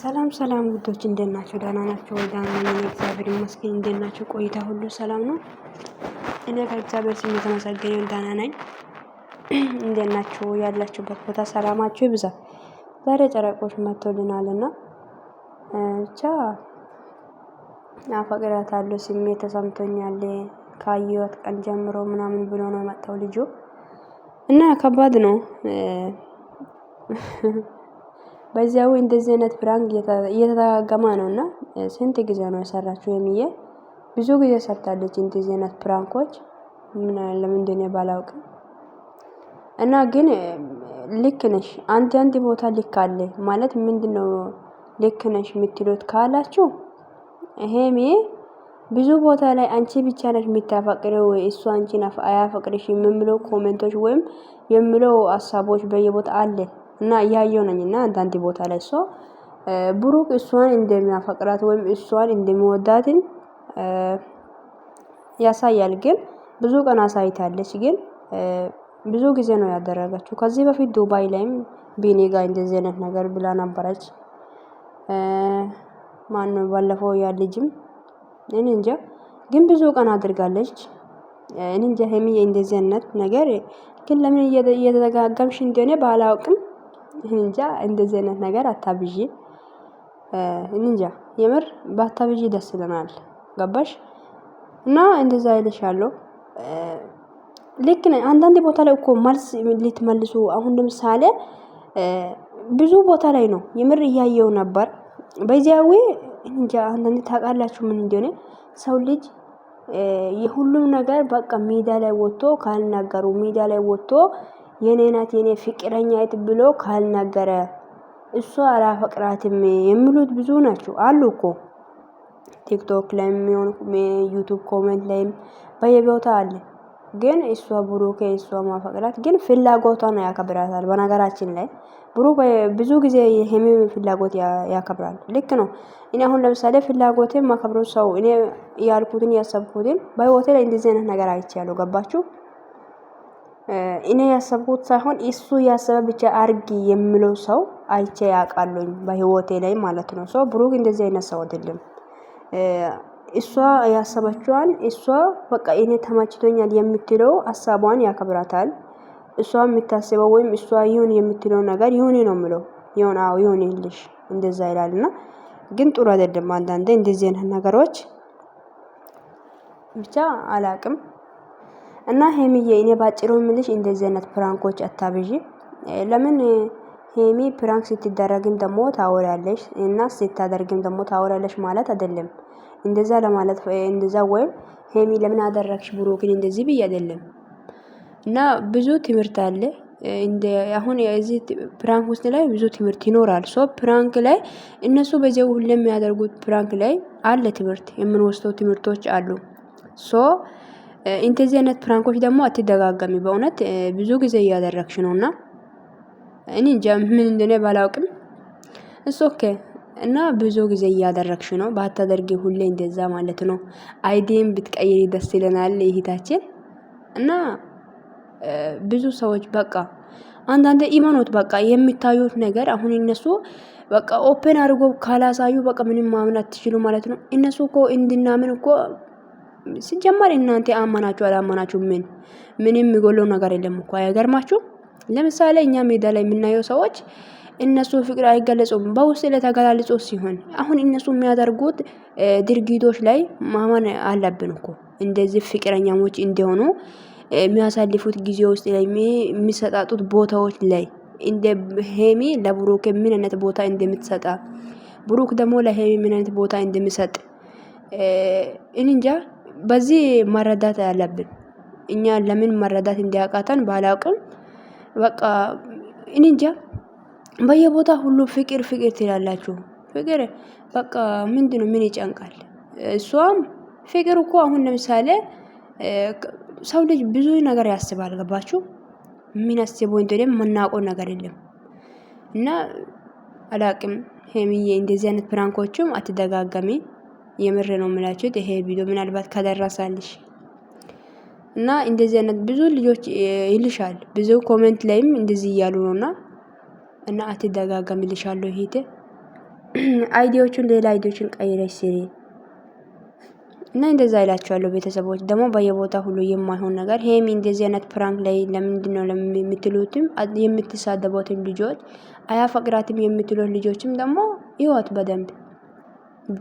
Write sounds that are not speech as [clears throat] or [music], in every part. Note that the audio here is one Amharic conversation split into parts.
ሰላም ሰላም ውዶች እንደናቸው ናቸው? ደህና ናቸው ወይ? ደህና ነኝ እግዚአብሔር ይመስገን። እንደት ናቸው? ቆይታ ሁሉ ሰላም ነው? እኔ ከእግዚአብሔር ስም የተመሰገኘው ደህና ነኝ። እንደት ያላችሁበት ቦታ ሰላማችሁ ይብዛ። ዛሬ ጨረቆች መጥቶልናል እና ብቻ አፈቅራታለሁ ስሜት ተሰምቶኛል ካየሁት ቀን ጀምሮ ምናምን ብሎ ነው የመጣው ልጁ እና ከባድ ነው በዚያው እንደዚህ አይነት ፕራንክ እየተደጋገመ ነው እና ስንት ጊዜ ነው የሰራችው? የሚዬ ብዙ ጊዜ ሰርታለች እንደዚህ አይነት ፕራንኮች። ምን ለምንድን ባላውቅም እና ግን ልክ ነሽ። አንድ አንድ ቦታ ልክ አለ ማለት ምንድን ነው ልክ ነሽ የምትሉት ካላችሁ ይሄ ብዙ ቦታ ላይ አንቺ ብቻ ነሽ የምታፈቅረው ወይ እሱ አንቺን አያፈቅርሽ የምምለው ኮሜንቶች ወይም የምለው ሀሳቦች በየቦታ አለ። እና እያየው ነኝ እና አንዳንድ ቦታ ላይ እሷ ብሩክ እሷን እንደሚያፈቅራት ወይም እሷን እንደሚወዳትን ያሳያል። ግን ብዙ ቀን አሳይታለች። ግን ብዙ ጊዜ ነው ያደረገችው። ከዚህ በፊት ዱባይ ላይም ቢኔ ጋር እንደዚህ አይነት ነገር ብላ ነበረች። ማነው ባለፈው ያ ልጅም እኔ እንጃ ግን ብዙ ቀን አድርጋለች። እኔ እንጃ ሄሚ እንደዚህ አይነት ነገር ግን ለምን እየተደጋገምሽ እንደሆነ ባላውቅም እንጃ እንደዚህ አይነት ነገር አታብዢ። እንጃ የምር ባታብዢ ደስ ይለናል። ገባሽ እና እንደዛ አይልሻለሁ። ልክ አንዳንድ ቦታ ላይ እኮ መልስ ልትመልሱ አሁን ለምሳሌ ብዙ ቦታ ላይ ነው የምር እያየው ነበር። በዚያዊ እንጃ አንዳንድ ታውቃላችሁ ምን እንደሆነ ሰው ልጅ የሁሉም ነገር በቃ ሜዳ ላይ ወጥቶ ካልናገሩ ሜዳ ላይ ወጥቶ የኔ ናት የኔ ፍቅረኛ የት ብሎ ካልነገረ እሷ አላፈቅራትም የሚሉት ብዙ ናቸው አሉ እኮ ቲክቶክ ላይ የሚሆን ዩቱብ ኮሜንት ላይም በየቦታ አለ። ግን እሷ ብሩኬ እሷ ማፈቅራት ግን ፍላጎቷ ነው ያከብራታል። በነገራችን ላይ ብሩ ብዙ ጊዜ ይሄንን ፍላጎት ያከብራል። ልክ ነው። እኔ አሁን ለምሳሌ ፍላጎቴን ማከብሮ ሰው እኔ ያልኩትን ያሰብኩትን በህይወቴ ላይ እንደዚህ አይነት ነገር አይቻለሁ። ገባችሁ? እኔ ያሰብኩት ሳይሆን እሱ ያሰበ ብቻ አርጊ የምለው ሰው አይቼ ያውቃለኝ በህይወቴ ላይ ማለት ነው። ሰው ብሩክ እንደዚህ አይነት ሰው አይደለም። እሷ ያሰበችዋን እሷ በቃ እኔ ተመችቶኛል የምትለው ሀሳቧን ያከብራታል። እሷ የምታስበው ወይም እሷ ይሁን የምትለው ነገር ይሁን ነው ምለው ይሁን፣ አዎ ይሁን ይልሽ እንደዛ ይላል። እና ግን ጥሩ አይደለም አንዳንዴ እንደዚህ አይነት ነገሮች ብቻ አላቅም። እና ሄሚዬ እኔ ባጭሩ ምልሽ እንደዚህ አይነት ፕራንኮች አታብዢ። ለምን ሄሚ ፕራንክ ስትደረግም ደግሞ ታወሪያለሽ እና ስታደርግም ደግሞ ታወሪያለሽ ማለት አይደለም። እንደዛ ለማለት እንደዛ ወይም ሄሚ ለምን አደረግሽ ብሩክን እንደዚህ ብዬ አይደለም። እና ብዙ ትምህርት አለ እንደ አሁን የዚህ ፕራንክ ውስጥ ላይ ብዙ ትምህርት ይኖራል። ሶ ፕራንክ ላይ እነሱ በዚያው ሁሉ የሚያደርጉት ፕራንክ ላይ አለ ትምህርት የምንወስደው ትምህርቶች አሉ። ሶ እንደዚህ አይነት ፕራንኮች ደግሞ አትደጋገሚ። በእውነት ብዙ ጊዜ እያደረግሽ ነው እና እኔ እንጃ ምን እንደሆነ ባላውቅም እሱ ኦኬ እና ብዙ ጊዜ እያደረግሽ ነው። ባታደርጊ ሁሌ እንደዛ ማለት ነው። አይዲም ብትቀይሪ ደስ ይለናል ይሄታችን እና ብዙ ሰዎች በቃ አንዳንድ ኢማኖት በቃ የሚታዩት ነገር አሁን እነሱ በቃ ኦፕን አድርጎ ካላሳዩ በቃ ምንም ማምናት አትችሉ ማለት ነው። እነሱ እኮ እንድናምን እኮ ሲጀመር እናንተ አመናችሁ አላመናችሁ ምን ምንም የሚጎለው ነገር የለም እኮ አይገርማችሁ። ለምሳሌ እኛ ሜዳ ላይ የምናየው ሰዎች እነሱ ፍቅር አይገለጹም በውስጥ ለተገላልጾ ሲሆን አሁን እነሱ የሚያደርጉት ድርጊቶች ላይ ማመን አለብን እኮ እንደዚህ ፍቅረኛሞች እንደሆኑ የሚያሳልፉት ጊዜ ውስጥ ላይ የሚሰጣጡት ቦታዎች ላይ እንደ ሄሚ ለብሩክ ምን አይነት ቦታ እንደምትሰጣ ብሩክ ደግሞ ለሄሚ ምን አይነት ቦታ እንደምሰጥ ። እንንጃ በዚህ መረዳት ያለብን እኛ ለምን መረዳት እንዲያቃተን ባላውቅም፣ በቃ እንጃ በየቦታ ሁሉ ፍቅር ፍቅር ትላላችሁ። ፍቅር በቃ ምንድነው? ምን ይጨንቃል? እሷም ፍቅር እኮ አሁን ለምሳሌ ሰው ልጅ ብዙ ነገር ያስባል። ገባችሁ? ምን አስቦ እንደሆነ መናቆ ነገር የለም እና አላቅም። ሄሚዬ እንደዚህ አይነት ፕራንኮችም አትደጋገሚ። የምር ነው የምላችሁት። ይሄ ቪዲዮ ምናልባት ከደረሳልሽ እና እንደዚህ አይነት ብዙ ልጆች ይልሻል። ብዙ ኮሜንት ላይም እንደዚህ እያሉ ነውና እና አትደጋጋም ይልሻለሁ። ይሄት [clears throat] አይዲዎቹን ሌላ አይዲዎችን ቀይረሽ ስሪ እና እንደዛ ይላቸዋለሁ። ቤተሰቦች ደግሞ በየቦታ ሁሉ የማይሆን ነገር ሄም እንደዚህ አይነት ፕራንክ ላይ ለምንድን ነው የምትሉትም የምትሳደቡትም ልጆች አያፈቅራትም የምትሉት ልጆችም ደግሞ ይወት በደንብ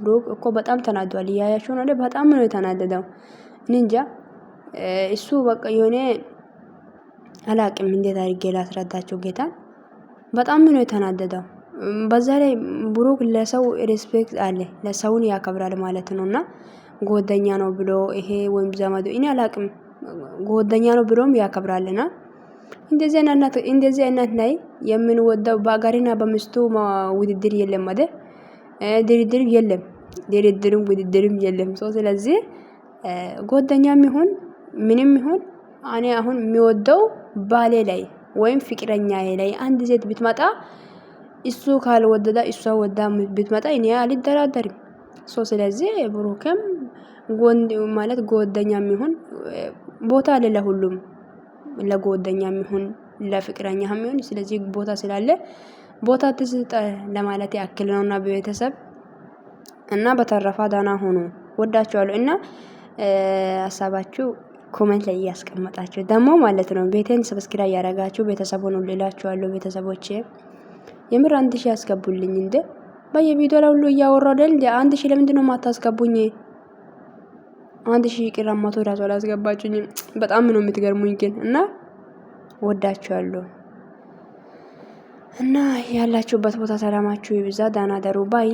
ብሩክ እኮ በጣም ተናዷል። እያያቸው ነው። በጣም ነው የተናደደው። እንጃ እሱ በቃ የሆነ አላቅም እንዴት አድርጌ ላስረዳቸው ጌታ በጣም ነው የተናደደው። በዛ ላይ ብሩክ ለሰው ሬስፔክት አለ ለሰውን ያከብራል ማለት ነው። እና ጎደኛ ነው ብሎ ይሄ ወይም ዘመዱ እኔ አላቅም ጎደኛ ነው ብሎም ያከብራልና እንደዚህ አይነት እናት ላይ የምንወደው በአጋሪና በምስቱ ውድድር የለመደ ድርድር የለም፣ ድርድርም ውድድርም የለም። ሶ ስለዚህ ጓደኛም ይሁን ምንም ይሁን እኔ አሁን የሚወደው ባሌ ላይ ወይም ፍቅረኛዬ ላይ አንድ ሴት ብትመጣ እሱ ካልወደዳ እሷ ወዳ ብትመጣ እኔ አልደራደርም። ሶ ስለዚህ ብሩክም ማለት ጓደኛ የሚሆን ቦታ አለ ለሁሉም፣ ለጓደኛ የሚሆን ለፍቅረኛ የሚሆን ስለዚህ ቦታ ስላለ ቦታ ትስጠ ለማለት ያክል ነውና ቤተሰብ እና በተረፋ ዳና ሆኖ ወዳችኋለሁ እና ሀሳባችሁ ኮመንት ላይ እያስቀመጣችሁ ደግሞ ማለት ነው ቤቴን ሰብስክራይብ እያረጋችሁ ቤተሰብ ሆኑ ቤተሰቦቼ የምር አንድ ሺ ያስገቡልኝ እንደ በየቪዲዮ ላይ ሁሉ እያወራሁ አይደል? አንድ ሺ ለምንድን ነው ማታስገቡኝ? አንድ ሺ ቅራማቶ አማቶ አላስገባችሁኝም። በጣም ነው የምትገርሙኝ ግን እና ወዳችኋለሁ። እና ያላችሁበት ቦታ ሰላማችሁ ይብዛ። ዳና ደሩ ባይ